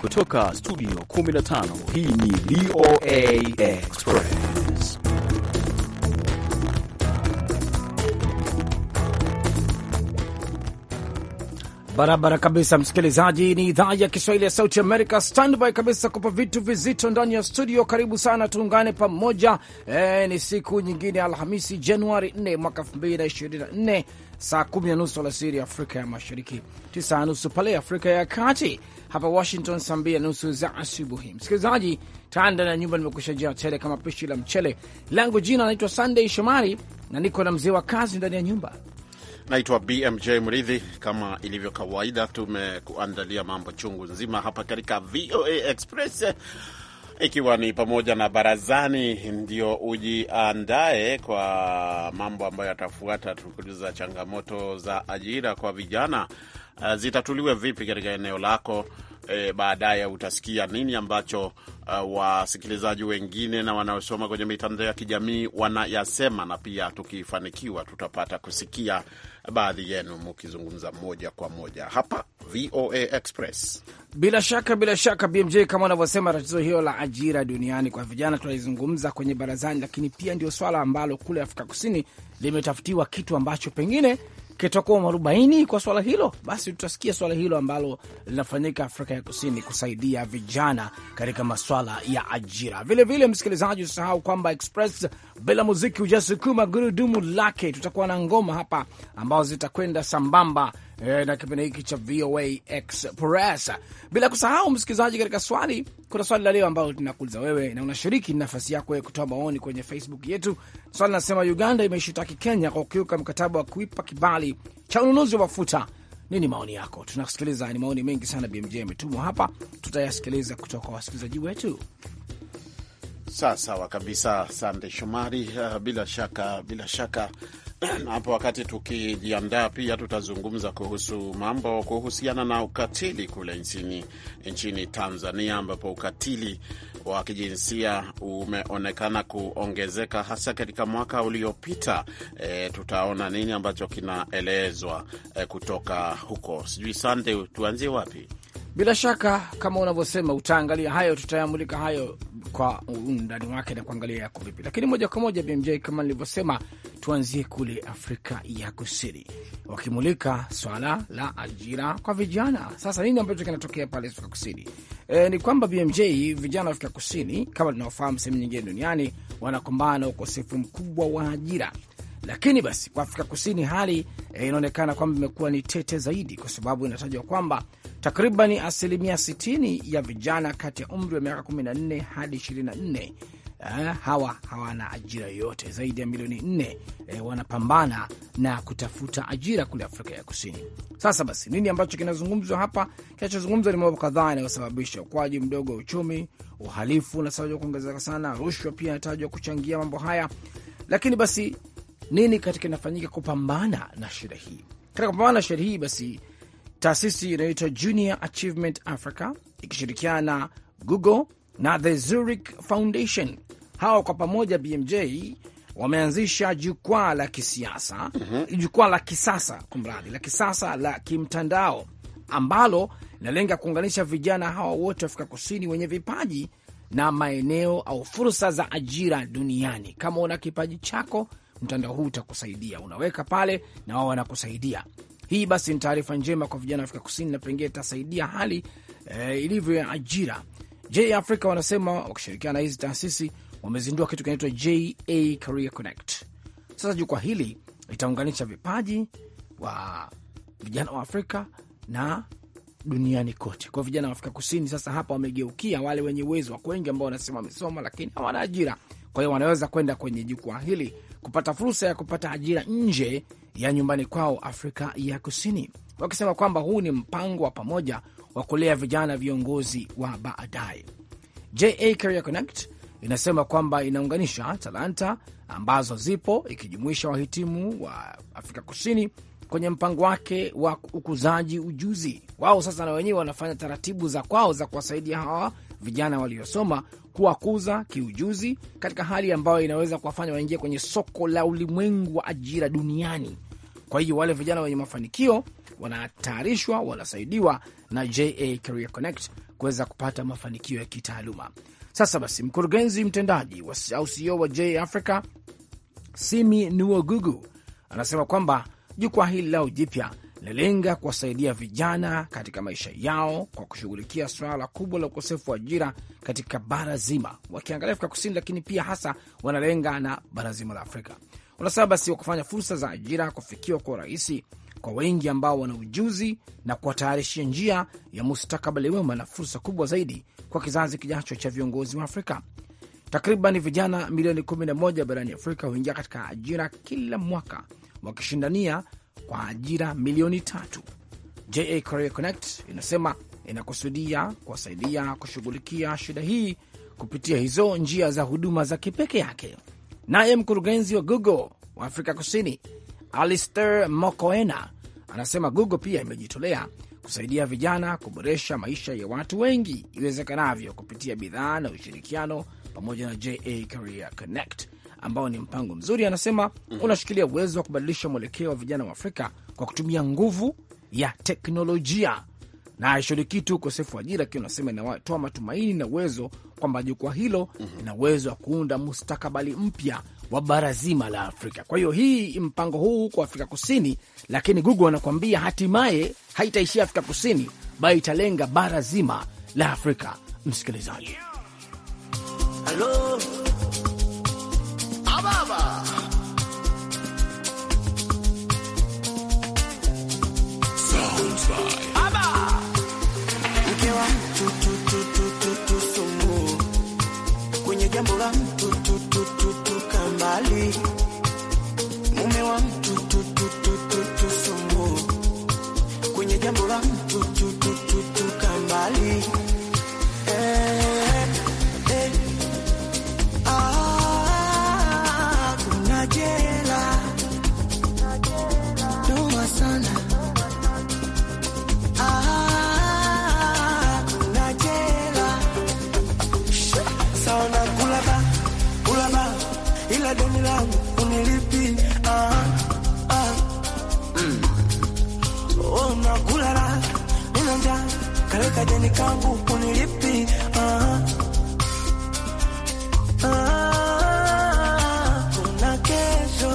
Kutoka studio 15 hii ni VOA Express. Barabara kabisa, msikilizaji. Ni idhaa ya Kiswahili ya Sauti Amerika. Standby kabisa kupa vitu vizito ndani ya studio. Karibu sana, tuungane pamoja. E, ni siku nyingine, Alhamisi Januari 4 mwaka 2024 saa kumi na nusu alasiri Afrika ya Mashariki, tisa na nusu pale Afrika ya Kati, hapa Washington saa mbili na nusu za asubuhi. Msikilizaji, tanda na nyumba nimekusha jaa tele kama pishi la mchele langu. Jina naitwa Sunday Shomari na niko na mzee wa kazi ndani ya nyumba naitwa BMJ Mridhi. Kama ilivyo kawaida, tumekuandalia mambo chungu nzima hapa katika VOA Express ikiwa ni pamoja na barazani, ndio ujiandae kwa mambo ambayo yatafuata, Tukuliza changamoto za ajira kwa vijana uh, zitatuliwe vipi katika eneo lako e, baadaye utasikia nini ambacho uh, wasikilizaji wengine na wanaosoma kwenye mitandao ya kijamii wanayasema, na pia tukifanikiwa, tutapata kusikia baadhi yenu mukizungumza moja kwa moja hapa VOA Express. Bila shaka, bila shaka BMJ, kama unavyosema, tatizo hilo la ajira duniani kwa vijana tunalizungumza kwenye barazani, lakini pia ndio swala ambalo kule Afrika Kusini limetafutiwa kitu ambacho pengine kitakuwa mwarobaini kwa swala hilo, basi tutasikia swala hilo ambalo linafanyika Afrika ya Kusini kusaidia vijana katika maswala ya ajira. Vilevile msikilizaji, usisahau kwamba Express bila muziki hujasukuma gurudumu lake. Tutakuwa na ngoma hapa ambazo zitakwenda sambamba eh, na kipindi hiki cha VOA Express, bila kusahau msikilizaji, katika swali, kuna swali la leo ambalo tunakuuliza wewe na unashiriki nafasi yako kutoa maoni kwenye Facebook yetu. Swali linasema Uganda imeishitaki Kenya kwa kukiuka mkataba wa kuipa kibali cha ununuzi wa mafuta. Nini maoni yako? Tunasikiliza, ni maoni mengi sana BMJ ametumwa hapa, tutayasikiliza kutoka kwa wasikilizaji wetu. Sawa sawa kabisa, sande Shomari. Uh, bila shaka bila shaka hapo wakati tukijiandaa, pia tutazungumza kuhusu mambo kuhusiana na ukatili kule nchini, nchini Tanzania ambapo ukatili wa kijinsia umeonekana kuongezeka hasa katika mwaka uliopita. E, tutaona nini ambacho kinaelezwa e, kutoka huko. Sijui Sande, tuanzie wapi? Bila shaka kama unavyosema, utaangalia hayo, tutayamulika hayo kwa undani wake na kuangalia yako vipi, lakini moja kwa moja BMJ, kama nilivyosema, tuanzie kule Afrika ya Kusini, wakimulika swala la ajira kwa vijana. Sasa nini ambacho kinatokea pale Afrika Kusini? E, ni kwamba BMJ, vijana wa Afrika Kusini kama tunaofahamu sehemu nyingine duniani wanakumbana na ukosefu mkubwa wa ajira lakini basi kwa Afrika Kusini hali e, inaonekana kwamba imekuwa ni tete zaidi, kwa sababu inatajwa kwamba Takriban asilimia 60 ya vijana kati ya umri wa miaka 14 hadi 24 eh, hawa hawana ajira yoyote. Zaidi ya milioni nne e, wanapambana na kutafuta ajira kule Afrika ya Kusini. Sasa basi, nini ambacho kinazungumzwa hapa? Kinachozungumzwa ni mambo kadhaa yanayosababisha ukuaji mdogo wa uchumi. Uhalifu unatajwa kuongezeka sana, rushwa pia inatajwa kuchangia mambo haya. Lakini basi nini katika inafanyika kupambana na shida hii? Katika kupambana na shida hii basi Taasisi inayoitwa Junior Achievement Africa ikishirikiana na Google na The Zurich Foundation. Hawa kwa pamoja BMJ wameanzisha jukwaa la kisiasa mm -hmm. jukwaa la kisasa kumradi la kisasa la kimtandao ambalo linalenga kuunganisha vijana hawa wote Afrika Kusini wenye vipaji na maeneo au fursa za ajira duniani. Kama una kipaji chako, mtandao huu utakusaidia, unaweka pale na wao wanakusaidia. Hii basi ni taarifa njema kwa vijana wa Afrika Kusini na pengine itasaidia hali e, ilivyo ya ajira. J Africa wanasema wakishirikiana na hizi taasisi wamezindua kitu kinaitwa JA Career Connect. Sasa jukwaa hili litaunganisha vipaji wa vijana wa Afrika na duniani kote. Kwa vijana wa Afrika Kusini sasa hapa wamegeukia wale wenye uwezo, wako wengi ambao wanasema wamesoma lakini hawana ajira. Kwa hiyo wanaweza kwenda kwenye jukwaa hili kupata fursa ya kupata ajira nje ya nyumbani kwao Afrika ya Kusini, wakisema kwamba huu ni mpango wa pamoja wa kulea vijana viongozi wa baadaye. JA Career Connect inasema kwamba inaunganisha talanta ambazo zipo ikijumuisha wahitimu wa Afrika Kusini kwenye mpango wake wa ukuzaji ujuzi wao. Sasa na wenyewe wanafanya taratibu za kwao za kuwasaidia hawa vijana waliosoma kuwakuza kiujuzi katika hali ambayo inaweza kuwafanya waingie kwenye soko la ulimwengu wa ajira duniani. Kwa hiyo wale vijana wenye mafanikio wanatayarishwa, wanasaidiwa na JA Career Connect kuweza kupata mafanikio ya kitaaluma. Sasa basi, mkurugenzi mtendaji au CEO wa JA Africa Simi Nuogugu anasema kwamba jukwaa hili lao jipya linalenga kuwasaidia vijana katika maisha yao kwa kushughulikia suala kubwa la ukosefu wa ajira katika bara zima, wakiangalia Afrika Kusini, lakini pia hasa wanalenga na bara zima la Afrika. Wanasema basi wa kufanya fursa za ajira kufikiwa kwa urahisi kwa wengi ambao wana ujuzi na kuwatayarishia njia ya mustakabali wema na fursa kubwa zaidi kwa kizazi kijacho cha viongozi wa Afrika. Takriban vijana milioni 11 barani Afrika huingia katika ajira kila mwaka wakishindania kwa ajira milioni tatu. JA Career Connect inasema inakusudia kuwasaidia kushughulikia shida hii kupitia hizo njia za huduma za kipeke yake. Naye mkurugenzi wa Google wa Afrika Kusini Alister Mokoena anasema Google pia imejitolea kusaidia vijana kuboresha maisha ya watu wengi iwezekanavyo kupitia bidhaa na ushirikiano pamoja na JA Career Connect ambao ni mpango mzuri, anasema mhm. unashikilia uwezo wa kubadilisha mwelekeo wa vijana wa Afrika kwa kutumia nguvu ya teknolojia na haishughuliki tu ukosefu wa ajira, lakini unasema inatoa matumaini na uwezo kwamba jukwaa hilo mhm. lina uwezo wa kuunda mustakabali mpya wa bara zima la Afrika. Kwa hiyo hii mpango huu huko Afrika Kusini, lakini Google anakuambia hatimaye haitaishia Afrika Kusini, bali italenga bara zima la Afrika. Msikilizaji, yeah baba. Sounds by sumu. Kwenye jambo la mtu tu tu tu tu kambali. kanja kaleka jani kangu kunilipi ah, ah, kuna kesho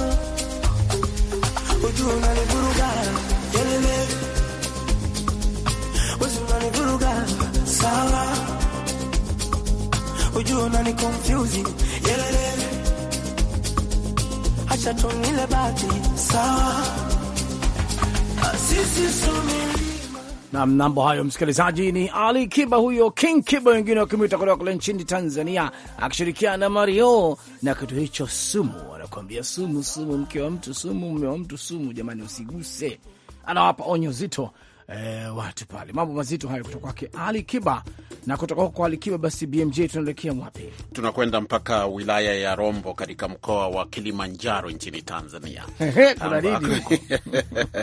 ujua unanivuruga yelele wezi unanivuruga sawa ujua unanikonfyuzi yelele hacha tunile bati sawa ah, sisi sumi na mnambo hayo, msikilizaji, ni Ali Kiba huyo, King Kiba wengine wakimwita, kutoka kule nchini Tanzania, akishirikiana na Mario na kitu hicho sumu. Wanakuambia sumu, sumu mke wa mtu, sumu mume wa mtu, sumu jamani, usiguse. Anawapa onyo zito e, watu pale. Mambo mazito hayo kutoka kwake Ali Kiba, na kutoka huko kwa Ali Kiba basi BMJ tunaelekea wapi? Tunakwenda mpaka wilaya ya Rombo katika mkoa wa Kilimanjaro nchini Tanzania.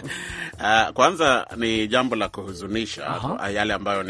Ah, kwanza ni jambo la kuhuzunisha Aha. yale ambayo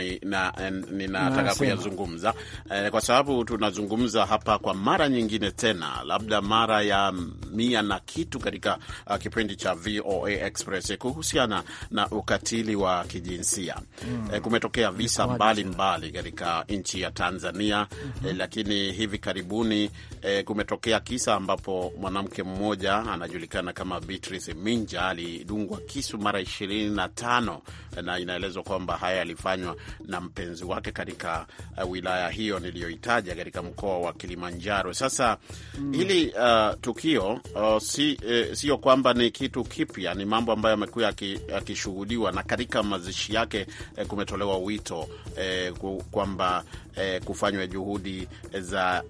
ninataka ni, kuyazungumza e, kwa sababu tunazungumza hapa kwa mara nyingine tena, labda mara ya mia na kitu katika uh, kipindi cha VOA Express kuhusiana na ukatili wa wa kijinsia mm. E, kumetokea visa mbalimbali katika nchi ya Tanzania mm -hmm. E, lakini hivi karibuni e, kumetokea kisa ambapo mwanamke mmoja anajulikana kama Beatrice Minja alidungwa kisu mara ishirini na tano na inaelezwa kwamba haya yalifanywa na mpenzi wake katika uh, wilaya hiyo niliyoitaja katika mkoa wa Kilimanjaro. Sasa mm. hili uh, tukio uh, si, eh, sio kwamba ni kitu kipya, ni mambo ambayo yamekuwa yakishuhudiwa na katika katika mazishi yake eh, kumetolewa wito eh, kwamba eh, kufanywa juhudi za,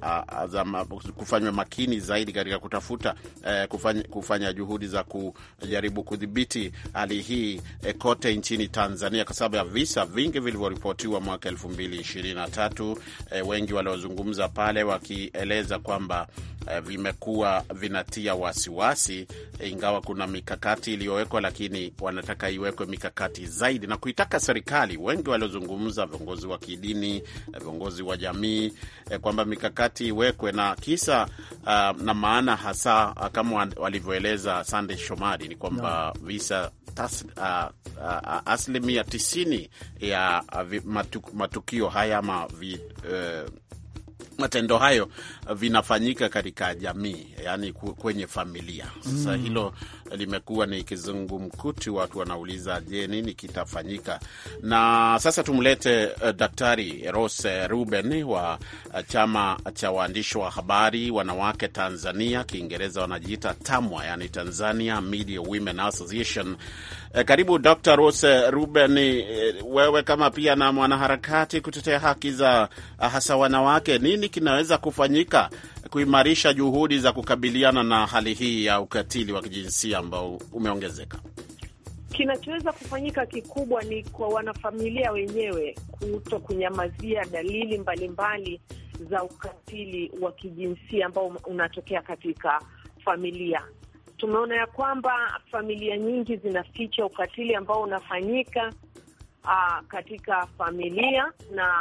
za ma, kufanywa makini zaidi katika kutafuta eh, kufanya, kufanya juhudi za kujaribu kudhibiti hali hii eh, kote nchini Tanzania kwa sababu ya visa vingi vilivyoripotiwa mwaka elfu mbili ishirini na tatu eh, wengi waliozungumza pale wakieleza kwamba eh, vimekuwa vinatia wasiwasi eh, ingawa kuna mikakati iliyowekwa, lakini wanataka iwekwe mikakati zaidi na kuitaka serikali. Wengi waliozungumza, viongozi wa kidini, eh, viongozi wa jamii eh, kwamba mikakati iwekwe na kisa uh, na maana hasa ah, kama walivyoeleza Sande Shomari ni kwamba no. visa tas, uh, uh, asilimia tisini ya uh, matuk, matukio haya ama eh, matendo hayo vinafanyika katika jamii, yani kwenye familia. Sasa mm. hilo limekuwa ni kizungumkuti. Watu wanauliza, je, nini kitafanyika? Na sasa tumlete uh, Daktari Rose eh, Ruben wa uh, chama cha waandishi wa habari wanawake Tanzania, Kiingereza wanajiita TAMWA, yani Tanzania Media Women Association. Uh, karibu Dr. Rose Ruben. Uh, wewe kama pia na mwanaharakati kutetea haki za uh, hasa wanawake, nini kinaweza kufanyika kuimarisha juhudi za kukabiliana na hali hii ya ukatili wa kijinsia ambao umeongezeka. Kinachoweza kufanyika kikubwa ni kwa wanafamilia wenyewe kuto kunyamazia dalili mbalimbali mbali za ukatili wa kijinsia ambao unatokea katika familia. Tumeona ya kwamba familia nyingi zinaficha ukatili ambao unafanyika uh, katika familia na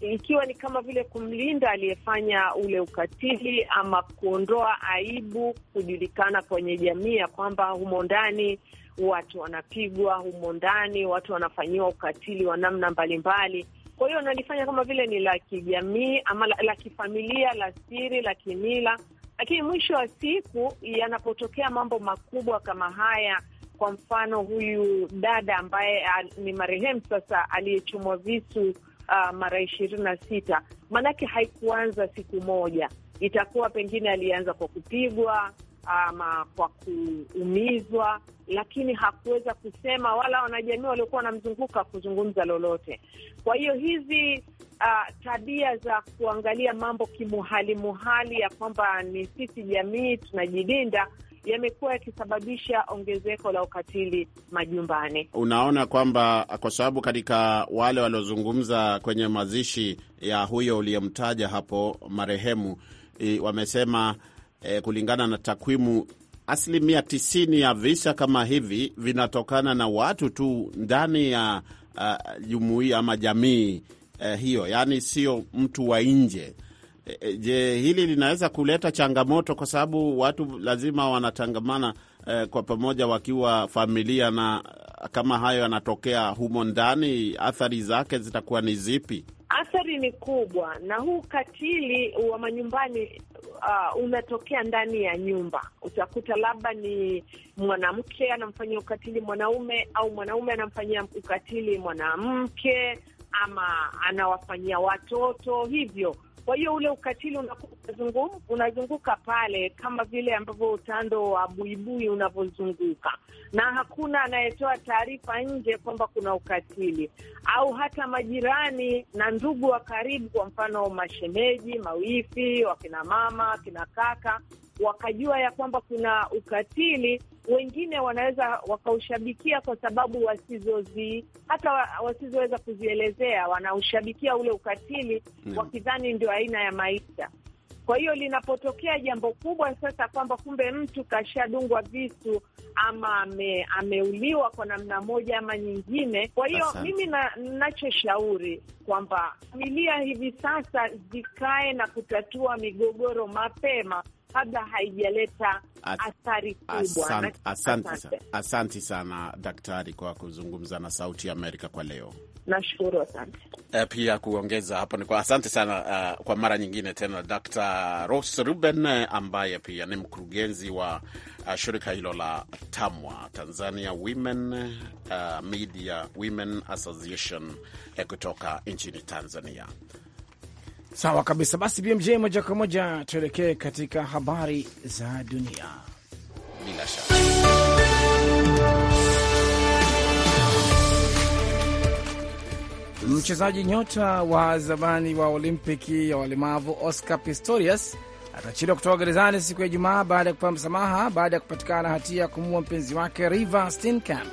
ikiwa ni kama vile kumlinda aliyefanya ule ukatili ama kuondoa aibu kujulikana kwenye jamii ya kwamba humo ndani watu wanapigwa, humo ndani watu wanafanyiwa ukatili wa namna mbalimbali. Kwa hiyo nalifanya kama vile ni la kijamii ama la kifamilia, la siri, la kimila, lakini mwisho wa siku yanapotokea mambo makubwa kama haya kwa mfano huyu dada ambaye ni marehemu sasa aliyechomwa visu uh, mara ishirini na sita, maanake haikuanza siku moja, itakuwa pengine alianza kwa kupigwa ama kwa kuumizwa, lakini hakuweza kusema, wala wanajamii waliokuwa wanamzunguka kuzungumza lolote. Kwa hiyo hizi uh, tabia za kuangalia mambo kimuhalimuhali ya kwamba ni sisi jamii tunajilinda, yamekuwa yakisababisha ongezeko la ukatili majumbani. Unaona kwamba kwa sababu katika wale waliozungumza kwenye mazishi ya huyo uliyemtaja hapo marehemu i, wamesema e, kulingana na takwimu asilimia tisini ya visa kama hivi vinatokana na watu tu ndani ya jumuia ama jamii eh, hiyo, yaani sio mtu wa nje. Eh, eh, je, hili linaweza kuleta changamoto kwa sababu watu lazima wanatangamana eh, kwa pamoja wakiwa familia, na eh, kama hayo yanatokea humo ndani, athari zake zitakuwa ni zipi? Athari ni kubwa, na huu ukatili wa manyumbani uh, unatokea ndani ya nyumba. Utakuta labda ni mwanamke anamfanyia ukatili mwanaume, au mwanaume anamfanyia ukatili mwanamke, ama anawafanyia watoto hivyo kwa hiyo ule ukatili unazunguka pale kama vile ambavyo utando wa buibui unavyozunguka, na hakuna anayetoa taarifa nje kwamba kuna ukatili, au hata majirani na ndugu wa karibu, kwa mfano mashemeji, mawifi, wakina mama, wakina kaka wakajua ya kwamba kuna ukatili, wengine wanaweza wakaushabikia kwa sababu wasizozi hata wasizoweza kuzielezea, wanaushabikia ule ukatili mm, wakidhani ndio aina ya maisha. Kwa hiyo linapotokea jambo kubwa sasa kwamba kumbe mtu kashadungwa visu ama ame, ameuliwa kwa namna moja ama nyingine. Kwa hiyo mimi ninachoshauri na, kwamba familia hivi sasa zikae na kutatua migogoro mapema kabla haijaleta athari kubwa. Asanti sana daktari kwa kuzungumza na Sauti ya Amerika kwa leo. Nashukuru, asante eh, pia kuongeza hapo ni kwa asante sana uh, kwa mara nyingine tena Dr. Rose Ruben eh, ambaye pia ni mkurugenzi wa uh, shirika hilo la TAMWA, Tanzania Women uh, Media Women Association kutoka nchini Tanzania. Sawa kabisa. Basi BMJ, moja kwa moja tuelekee katika habari za dunia. Bila shaka mchezaji nyota wa zamani wa Olimpiki ya walemavu Oscar Pistorius atachiliwa kutoka gerezani siku ya Ijumaa baada ya kupewa msamaha baada ya kupatikana na hatia ya kumuua mpenzi wake River Steenkamp.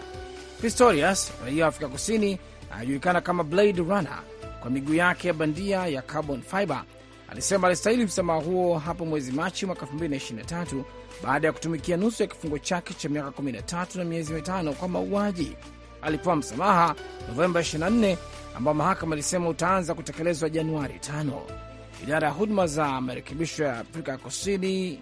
Pistorius, raia wa Afrika Kusini, anajulikana kama Blade Runner kwa miguu yake ya bandia ya carbon fiber. Alisema alistahili msamaha huo hapo mwezi Machi mwaka 2023 baada ya kutumikia nusu ya kifungo chake cha miaka 13 na miezi mitano kwa mauaji. Alipewa msamaha Novemba 24 ambao mahakama ilisema utaanza kutekelezwa Januari 5. Idara ya huduma za marekebisho ya Afrika ya Kusini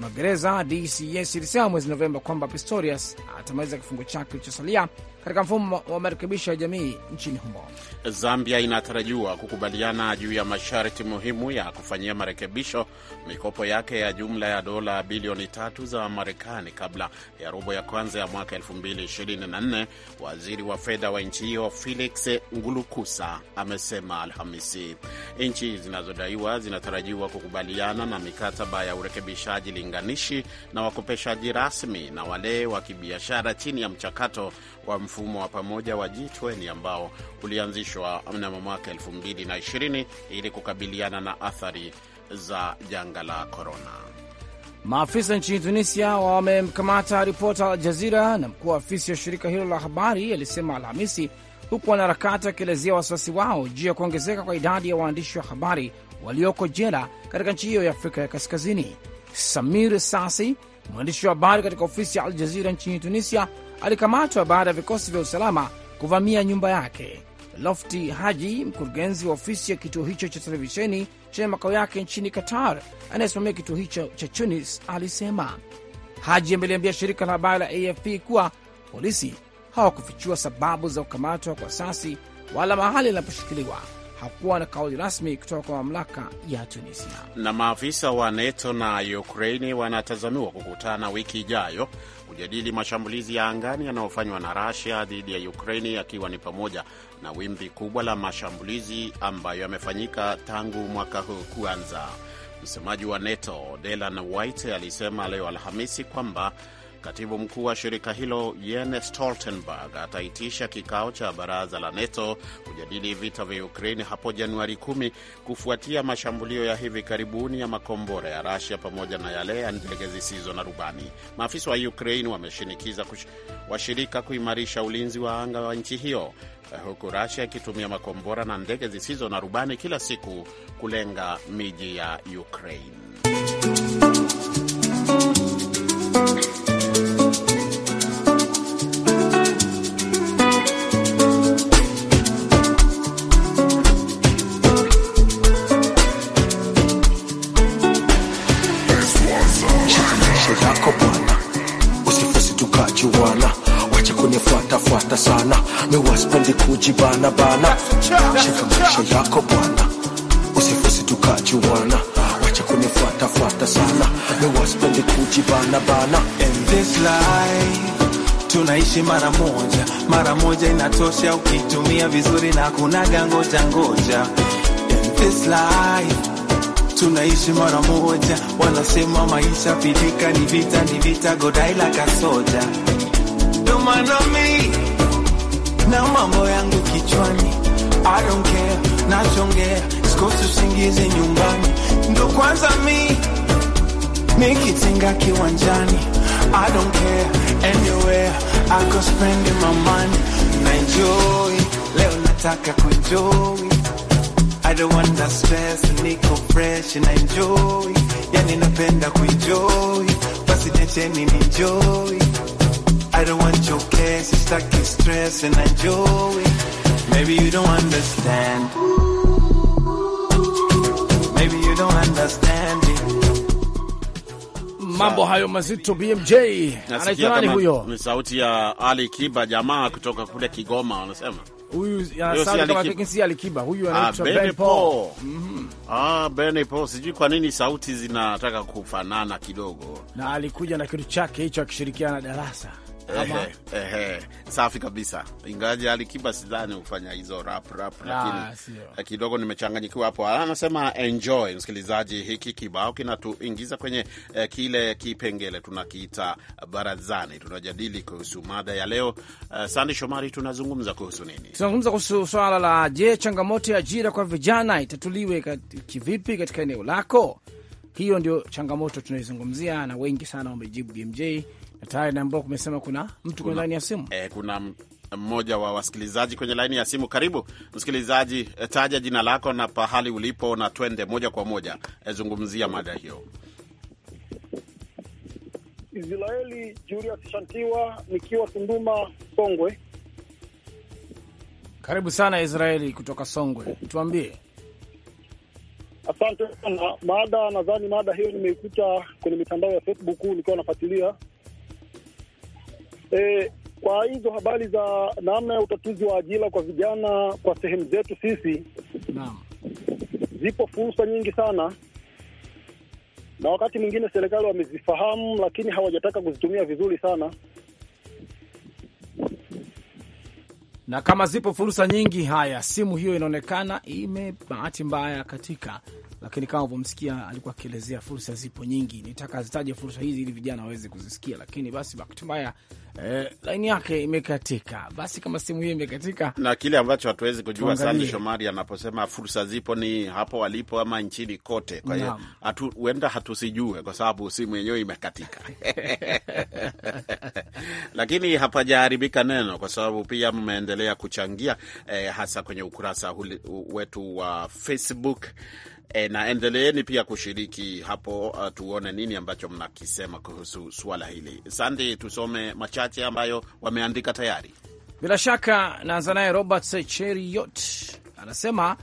magereza DCS ilisema mwezi Novemba kwamba Pistorius atamaliza kifungo chake kilichosalia katika mfumo wa marekebisho ya jamii nchini humo. Zambia inatarajiwa kukubaliana juu ya masharti muhimu ya kufanyia marekebisho mikopo yake ya jumla ya dola bilioni tatu za Marekani kabla ya robo ya kwanza ya mwaka 2024, waziri wa fedha wa nchi hiyo Felix Ngulukusa amesema Alhamisi. Nchi zinazodaiwa zinatarajiwa kukubaliana na mikataba ya urekebishaji linganishi na wakopeshaji rasmi na wale wa kibiashara chini ya mchakato wa mfumo wa pamoja wa G20 ambao ulianzishwa mnamo mwaka 2020 ili kukabiliana na athari za janga la korona. Maafisa nchini Tunisia wamemkamata ripota Al Jazira na mkuu wa afisi ya shirika hilo la habari alisema Alhamisi, huku wanaharakati wakielezea wasiwasi wao juu ya kuongezeka kwa idadi ya waandishi wa habari walioko jela katika nchi hiyo ya Afrika ya Kaskazini. Samir Sasi Mwandishi wa habari katika ofisi ya Al Jazira nchini Tunisia alikamatwa baada ya vikosi vya usalama kuvamia nyumba yake. Lofti Haji, mkurugenzi wa ofisi ya kituo hicho cha televisheni chenye makao yake nchini Qatar anayesimamia kituo hicho cha Tunis, alisema. Haji ameliambia shirika la habari la AFP kuwa polisi hawakufichua sababu za kukamatwa kwa sasi wala mahali linaposhikiliwa hakuwa na kauli rasmi kutoka kwa mamlaka ya Tunisia. Na maafisa wa NATO na Ukraini wanatazamiwa kukutana wiki ijayo kujadili mashambulizi ya angani yanayofanywa na rasia dhidi ya Ukraini, akiwa ni pamoja na wimbi kubwa la mashambulizi ambayo yamefanyika tangu mwaka huu kuanza. Msemaji wa NATO Delan White alisema leo Alhamisi kwamba Katibu mkuu wa shirika hilo Jens Stoltenberg ataitisha kikao cha baraza la NATO kujadili vita vya ukrain hapo Januari 10 kufuatia mashambulio ya hivi karibuni ya makombora ya Rasia pamoja na yale ya ndege zisizo na rubani. Maafisa wa ukrain wameshinikiza washirika kuimarisha ulinzi wa anga wa nchi hiyo eh, huku Rasia ikitumia makombora na ndege zisizo na rubani kila siku kulenga miji ya ukrain sana, mimi waspendi kujibana bana. Shika maisha yako bwana, usifusi tukajuana, wacha kunifuata fuata sana, mimi waspendi kujibana bana. In this life tunaishi mara moja, mara moja inatosha, ukitumia vizuri na kunaga ngoja ngoja. In this life tunaishi mara moja, wanasema maisha pilika ni vita, ni vita, godaila kasoja. Don't mind me na mambo yangu kichwani, I don't care, nachongea sikosi usingizi nyumbani, ndo kwanza mi nikitinga kiwanjani, I don't care, anywhere I go spending my money, na enjoy leo, nataka kuenjoy I don't want that stress, niko fresh na enjoy, yani napenda kuenjoy, basi necheni ni enjoy I don't want your case, it's like you're stress and enjoy. Maybe you don't understand. Maybe you don't understand mambo hayo mazito BMJ anaitwa nani huyo? Ni sauti ya Ali Kiba, jamaa kutoka kule Kigoma, wanasema huyu si Alikiba, huyu ah, anaitwa Ben Paul. Mhm. Ah, Ben Paul, sijui kwa nini sauti zinataka kufanana kidogo, na alikuja na kitu chake hicho akishirikiana na Darasa. Ehe, ehe, safi kabisa, Ingaji Alikiba sidhani hufanya hizo rap rap, ah, lakini kidogo nimechanganyikiwa hapo. Ah, anasema enjoy. Msikilizaji, hiki kibao kinatuingiza kwenye eh, kile kipengele tunakiita barazani. Tunajadili kuhusu mada ya leo. Eh, Sandi Shomari, tunazungumza kuhusu nini? Tunazungumza kuhusu swala la je, changamoto ya ajira kwa vijana itatuliwe kivipi katika eneo lako? Hiyo ndio changamoto tunaizungumzia na wengi sana wamejibu BMJ tayari ambao kumesema kuna mtu kwenye laini ya simu eh, kuna mmoja wa wasikilizaji kwenye laini ya simu. Karibu msikilizaji, eh, taja jina lako na pahali ulipo na twende moja kwa moja eh, zungumzia mada hiyo. Israeli Julius Shantiwa nikiwa Tunduma, Songwe. Karibu sana Israeli kutoka Songwe, tuambie. Asante sana. Mada nadhani mada hiyo nimeikuta kwenye mitandao ya Facebook, nikiwa nafuatilia e, kwa hizo habari za namna ya utatuzi wa ajira kwa vijana kwa sehemu zetu sisi na, zipo fursa nyingi sana, na wakati mwingine serikali wamezifahamu, lakini hawajataka kuzitumia vizuri sana na kama zipo fursa nyingi. Haya, simu hiyo inaonekana ime bahati mbaya katika, lakini kama ulivyomsikia alikuwa akielezea fursa zipo nyingi. Nitaka zitaje fursa hizi ili vijana waweze kuzisikia, lakini basi bahati mbaya eh, laini yake imekatika. Basi kama simu hiyo imekatika, na kile ambacho hatuwezi kujua sana, Shomari anaposema fursa zipo ni hapo walipo ama nchini kote. Kwa hiyo huenda hatusijue kwa sababu simu yenyewe imekatika lakini hapajaharibika neno, kwa sababu pia mmeendelea kuchangia eh, hasa kwenye ukurasa wetu wa Facebook. E, na endeleeni pia kushiriki hapo, uh, tuone nini ambacho mnakisema kuhusu suala hili. Sandi, tusome machache ambayo wameandika tayari. Bila shaka naanza naye Robert Cheriot anasema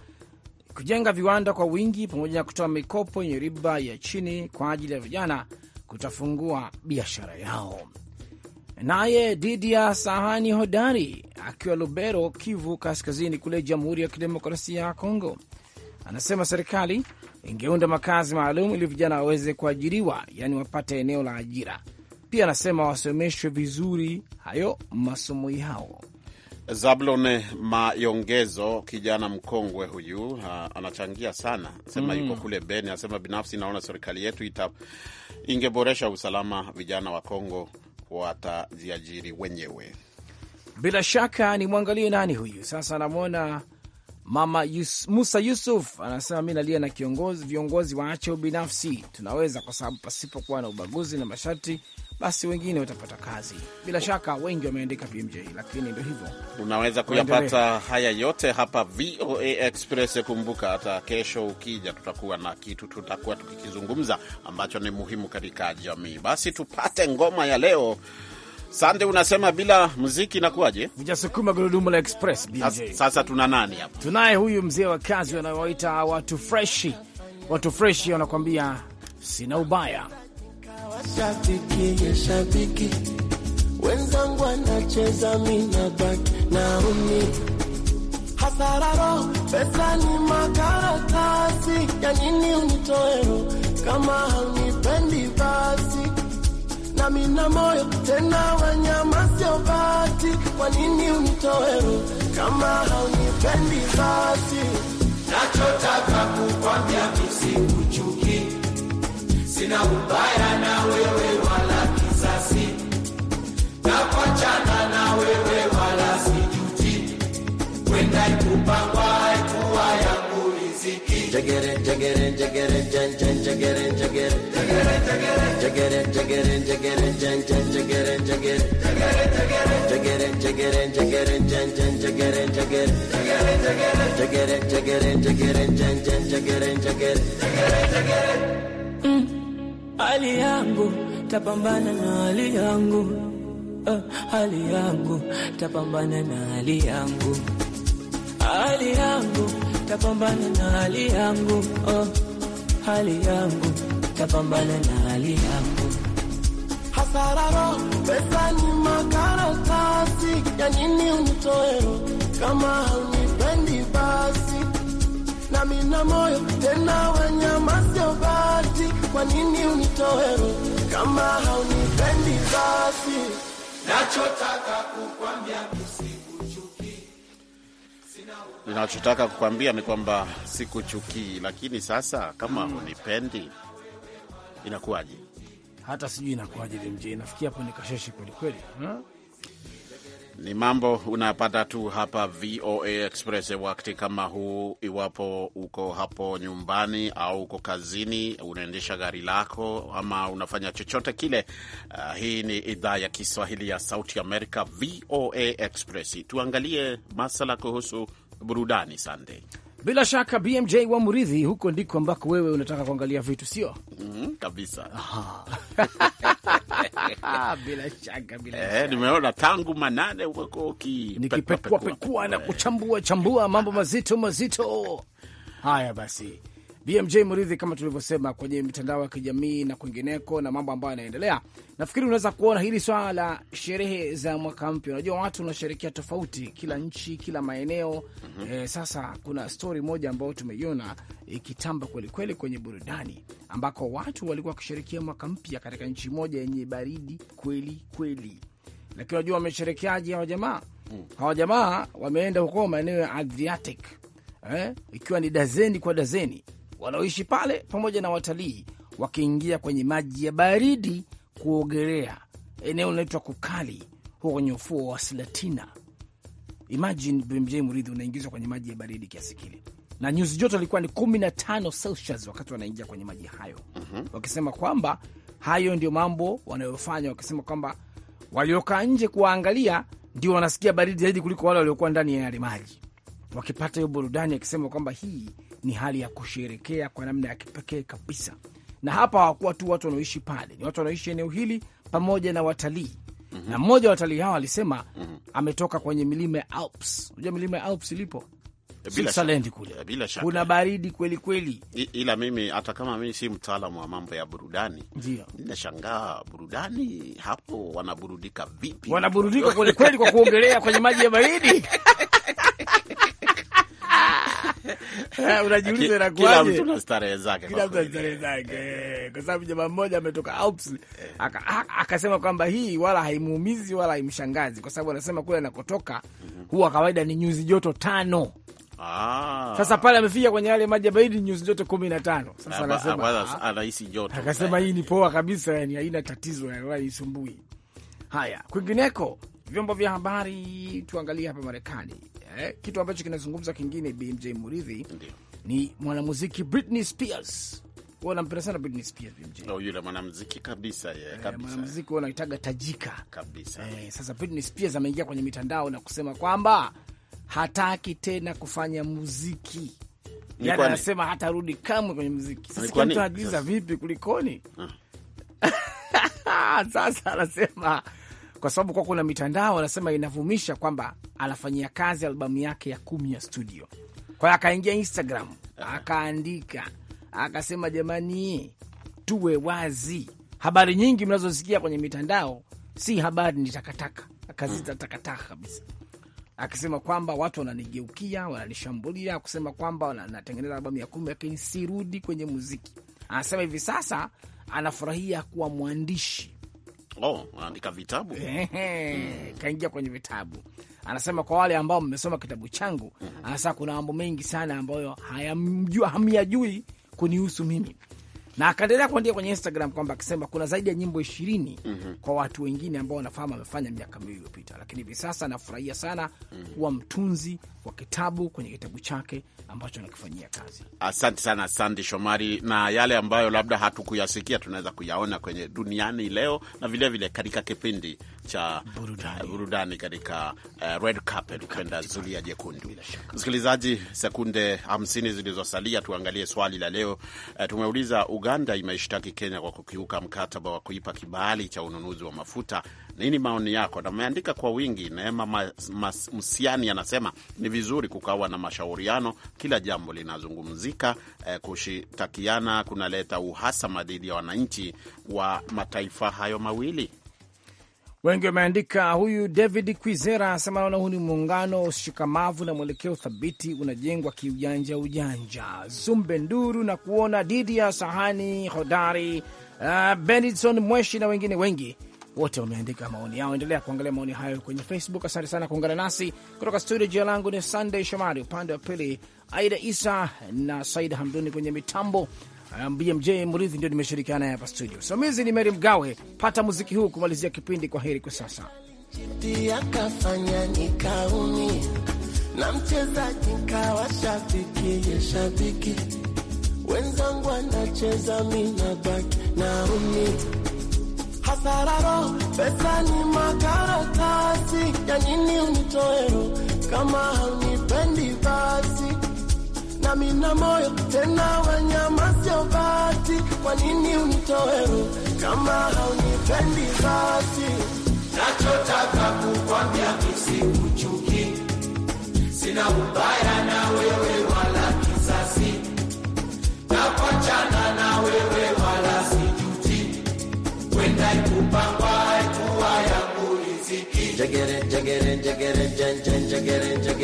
kujenga viwanda kwa wingi pamoja na kutoa mikopo yenye riba ya chini kwa ajili ya vijana kutafungua biashara yao. Naye Didia Sahani Hodari akiwa Lubero, Kivu Kaskazini kule Jamhuri ya Kidemokrasia ya Kongo anasema serikali ingeunda makazi maalum ili vijana waweze kuajiriwa, yaani wapate eneo la ajira. Pia anasema wasomeshwe vizuri hayo masomo yao. Zablon Mayongezo, kijana mkongwe huyu, ha, anachangia sana, sema mm, yuko kule Beni, anasema binafsi naona serikali yetu ita ingeboresha usalama vijana wa Kongo wataziajiri wenyewe. Bila shaka ni mwangalie nani huyu sasa. Anamwona mama Yus, Musa Yusuf anasema mi nalia na kiongozi, viongozi waache ubinafsi, tunaweza kwa sababu pasipokuwa na ubaguzi na masharti basi wengine watapata kazi. Bila shaka wengi wameandika BMJ, lakini ndo hivyo. Unaweza kuyapata haya yote hapa VOA Express. Kumbuka hata kesho ukija, tutakuwa na kitu tutakuwa tukikizungumza ambacho ni muhimu katika jamii. Basi tupate ngoma ya leo. Sande, unasema bila muziki inakuwaje? Vijasukuma gurudumu la Express BMJ. Sasa tuna nani hapa? Tunaye huyu mzee wa kazi wanaowaita watu freshi. Watu freshi wanakuambia sina ubaya Shabiki ye shabiki wenzangu anacheza mina baki naumi hasararo pesa ni makaratasi ya nini unitoero kama haunipendi basi na mina moyo tena wanyama sio bati kwa nini unitoero kama haunipendi basi nachotaka kukwambia misikujua sina ubaya na wewe wala kisasi, napachana na wewe wala sijuti, kwenda ikupangwa haikuwa yangu riziki. Jegere jegere jegere jen jen jegere jegere jegere jegere jegere jegere jen jen jegere jegere jegere jegere jegere jen jen jegere jegere jegere jegere jegere jen jen jegere jegere jegere jegere hmm. hali yangu tapambana na hali yangu eh, hali uh, yangu tapambana na hali yangu hali yangu tapambana na hali yangu eh, hali uh, yangu tapambana na hali yangu hasararo pesa ni makaratasi ya nini unitoero kama unipendi basi na mina moyo tena sio basi kwa nini unitoe kama haunipendi basi? Nachotaka kukwambia sikuchukii, nachotaka kukwambia ni kwamba sikuchukii, lakini sasa kama hmm, unipendi inakuwaje? Hata sijui inakuwaje. Mj, nafikia hapo nikasheshe kwelikweli. Ni mambo unapata tu hapa VOA Express wakati kama huu. Iwapo uko hapo nyumbani au uko kazini, unaendesha gari lako ama unafanya chochote kile, uh, hii ni idhaa ya Kiswahili ya Sauti Amerika, VOA Express. Tuangalie masala kuhusu burudani Sunday. Bila shaka BMJ wa Mridhi, huko ndiko ambako wewe unataka kuangalia vitu, sio? mm kabisa bila shaka, bila eh, shaka nimeona tangu manane wako na kuchambua chambua mambo mazito mazito. Eh. Haya basi BMJ Murithi, kama tulivyosema kwenye mitandao ya kijamii na kwingineko na mambo ambayo yanaendelea, nafikiri unaweza kuona hili swala la sherehe za mwaka mpya. Unajua watu wanasherekea tofauti, kila nchi, kila maeneo mm -hmm. Eh, sasa kuna stori moja ambayo tumeiona ikitamba kwelikweli kwenye burudani ambako watu walikuwa wakisherekea mwaka mpya katika nchi moja yenye baridi kweli kweli, lakini unajua wamesherekeaje hawa jamaa? Mm. Hawa jamaa wameenda huko maeneo ya Adriatic eh, ikiwa ni dazeni kwa dazeni wanaoishi pale pamoja na watalii wakiingia kwenye maji ya baridi kuogelea. Eneo linaitwa Kukali huko kwenye ufuo wa Slatina. Imagine BMJ Mridhi, unaingizwa kwenye maji ya baridi kiasi kile, na nyuzi joto ilikuwa ni 15 Celsius wakati wanaingia kwenye maji hayo mm -hmm. wakisema kwamba hayo ndio mambo wanayofanya, wakisema kwamba waliokaa nje kuwaangalia ndio wanasikia baridi zaidi kuliko wale waliokuwa ndani ya yale maji, wakipata hiyo burudani, akisema kwamba hii ni hali ya kusherekea kwa namna ya kipekee kabisa. Na hapa hawakuwa tu watu wanaoishi pale, ni watu wanaoishi eneo hili pamoja na watalii mhm. na mmoja wa watalii hao alisema mhm. ametoka kwenye milima ya Alps. Unajua milima ya Alps ilipo Switzerland kule kuna baridi kweli kweli, ila mimi hata kama mimi si mtaalamu wa mambo ya burudani, ndio ninashangaa burudani hapo wanaburudika vipi? Wanaburudika kweli kweli kwa kuogelea kwenye maji ya baridi unajiuliza inakuwaje? Kila mtu ana starehe zake, kila mtu ana starehe zake, eh. kwa sababu jamaa mmoja ametoka Alps eh. akasema kwamba hii wala haimuumizi wala haimshangazi, kwa sababu anasema kule anakotoka mhm. huwa kawaida ni nyuzi joto tano. Ah. Sasa pale amefika kwenye yale maji ya baridi nyuzi joto kumi na tano. Sasa anasema ah. anahisi joto. Akasema hii ni eh. poa kabisa, yani haina tatizo, yani wala isumbui. Haya, kwingineko vyombo vya habari tuangalie hapa Marekani eh, kitu ambacho kinazungumza kingine BMJ Muridhi ni mwanamuziki Britney Spears. Nampenda sana Britney Spears BMJ. Oh, yule mwanamuziki kabisa yeye, yeah, kabisa. Mwanamuziki wao anaitaga tajika. Kabisa. Eh, sasa Britney Spears ameingia kwenye mitandao na kusema kwamba hataki tena kufanya muziki. Yani anasema hatarudi kamwe kwenye muziki. Sasa mtu anajiuliza vipi kulikoni? Ah. Sasa anasema kwa sababu kwa kuna mitandao anasema inavumisha kwamba anafanyia kazi albamu yake ya kumi ya studio. Kwa hiyo akaingia Instagram akaandika akasema, jamani, tuwe wazi, habari nyingi mnazosikia kwenye mitandao si habari, ni takataka. Akazita takataka kabisa, akisema kwamba watu wananigeukia, wananishambulia, kusema kwamba natengeneza albamu ya kumi lakini sirudi kwenye muziki. Anasema hivi sasa anafurahia kuwa mwandishi Oh, anaandika vitabu Kaingia kwenye vitabu, anasema kwa wale ambao mmesoma kitabu changu mm -hmm. Anasema kuna mambo mengi sana ambayo hayamjua hamyajui kunihusu mimi na akaendelea kuandika kwenye Instagram kwamba akisema kuna zaidi ya nyimbo ishirini mm -hmm. kwa watu wengine ambao wanafahamu amefanya miaka miwili iliyopita, lakini hivi sasa anafurahia sana mm -hmm. kuwa mtunzi wa kitabu kwenye kitabu chake ambacho anakifanyia kazi. Asante sana Sandi Shomari, na yale ambayo labda hatukuyasikia tunaweza kuyaona kwenye Duniani Leo na vilevile katika kipindi cha burudani, eh, burudani katika uh, red carpet kwenda zulia jekundu. Msikilizaji, sekunde hamsini zilizosalia tuangalie swali la leo. Uh, tumeuliza Uganda imeshtaki Kenya kwa kukiuka mkataba wa kuipa kibali cha ununuzi wa mafuta. Nini maoni yako? Na umeandika kwa wingi. Neema Msiani anasema ni vizuri kukawa na mashauriano, kila jambo linazungumzika. Eh, kushitakiana kunaleta uhasama dhidi ya wananchi wa mataifa hayo mawili. Wengi wameandika. Huyu David Quizera anasema naona huu ni muungano ushikamavu na mwelekeo thabiti unajengwa kiujanja ujanja. Zumbe Nduru na kuona didi ya sahani hodari. Uh, Benidson Mweshi na wengine wengi wote wameandika maoni yao. Endelea kuangalia maoni hayo kwenye Facebook. Asante sana kuungana nasi kutoka studio. Jina langu ni Sunday Shomari, upande wa pili Aida Isa na Said Hamduni kwenye mitambo BMJ Murithi ndio nimeshirikiana naye hapa studio. Msimamizi ni Mary Mgawe. Pata muziki huu kumalizia kipindi. Kwa heri kwa sasa. Akafanya na mchezaji kawa shabiki ya shabiki wenzangu anacheza mina baki na hasararo pesa ni makaratasi ya nini unitoero kama haunipendi basi na mina moyo tena, wanyama sio bati. Kwa nini unitoe kama haunipendi? Basi nachotaka kukwambia misikuchuki sina ubaya na wewe wala kisasi, nakwachana na wewe wala sijuti, kwenda ikupangwa ikuwa yangu riziki. jegere jegere jegere jenjen jegere jegere